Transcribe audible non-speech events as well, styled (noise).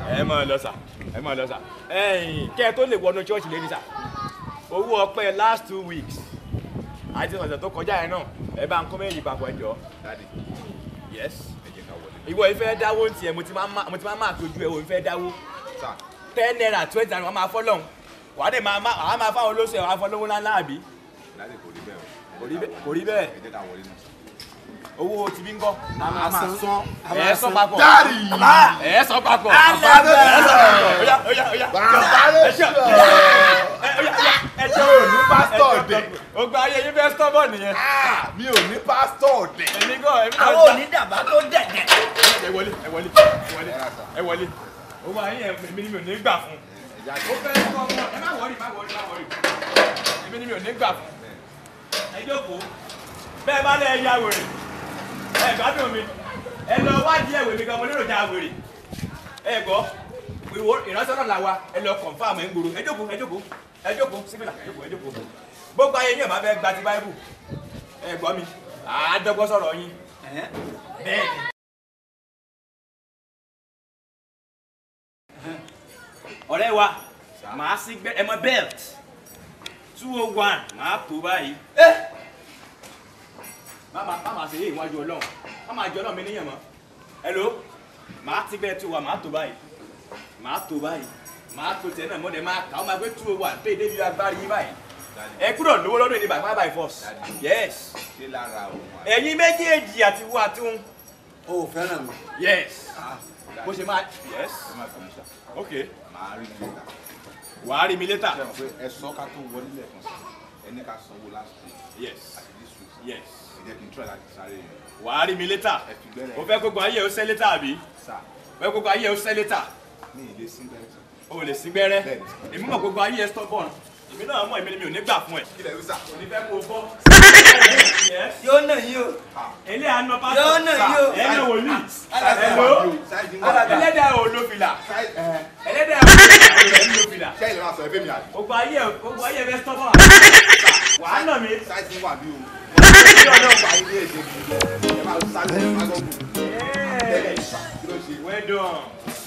ẹ máa lọ sà ẹ máa lọ sà ẹ̀yin kẹ́ ẹ tó lè wọnú ṣọ́ọ̀ṣì lé ní sà owó ọpẹ́ last two weeks àti ọ̀sẹ̀ tó kọjá yẹn náà ẹ bá ń kọ́ méjì papọ̀ ẹ jọ. yes ìwọ ìfẹ́ dáwó ń tiẹ̀ mo ti máa máa tójú ẹ̀ wò ìfẹ́ dáwó ten naira twenty naira wọ́n máa fọ́ lọ́hùn wàá dẹ̀ máa máa máa fáwọn olóṣèlú àwọn afọlọ́wọ́ ńláńlá àbí. kò rí bẹ́ẹ̀ owó ti bí ń kọ́ a máa san ẹ̀ sọ papọ̀ dárì ẹ̀ sọ papọ̀ alẹ́ ẹ̀ sọ papọ̀ oya oya oya ẹ̀ sọ oya ẹ̀ sọ o ní pásítọ̀ dẹ̀ o gba ayé yín fẹ́ sọ́bọ̀ nìyẹn. mi ò ní pásítọ̀ dẹ̀. Ah, èmi gan èmi náà àwọn onídàbà tó dẹ̀dẹ̀. ẹ wọlé ẹ wọlé ẹ wọlé ẹ wọlé owó ayé mi ni mi ò ní gbà fún. ó fẹ́ sọ ọmọ ẹ má wọrí má wọrí má wọrí èmi ni mi ò ní gbà fún. ẹ jókòó. e bá le ya nwere ẹ gbádùn mi ẹ lọ mi gan mo lérò já wèrè ẹ gbọ́ ìwọ ìránṣọ́nà ẹ lọ kọ̀ǹfàmù ẹ̀ ń ẹ síbìlà ẹ jókòó ẹ gba ti ẹ mi má má ṣe yé ìwájú ọlọ́run má má jẹ ọlọ́run mi níyàn mọ́ hello màá ti bẹ́ẹ̀ tó wa màá tó báyìí màá tó báyìí màá tó tẹ̀ náà mọ́lẹ̀ máa kà ó máa gbé tú owó àti èdè bíi agbárí yín báyìí ẹ kúrò lówó lọ́dún èdè bàbá bàbá ìfọ̀s yes ẹ̀yin méjèèjì àti wo àti ń. o fẹ́ràn mi. yes ah. bó ṣe máa yes ok. wàá rí mi létà. ẹ sọ ká tó wọlé lẹ́ẹ̀kan sí i ẹni sanwó last week. yes àti this week. yes ẹ kí n try láti sáré yẹn. wàá rí mi létà mo fẹ́ gbogbo ayé ò sẹ́ létà àbí mo fẹ́ gbogbo ayé ò sẹ́ létà. mi ì lè sí gbẹrẹ. o ò lè sí gbẹrẹ èmi mọ̀ gbogbo ayé ẹ stubborn èmi náà mọ̀ èmi ni mi ò ní gbà fún ẹ. kílẹ̀ ló sà. kò ní fẹ́ kó o bọ́. (laughs) yóò nà yí o. ilé ah. àná pásítọ̀. yóò nà yí o. ẹ náà wòlíì. ẹ̀lò ẹlẹ́dàá ò ló fìlà. ẹlẹ́dàá ò ló fìlà. gbogbo ayé gbogbo ayé ẹ fẹ́ mi. sáìsì wà bí o. (laughs) kí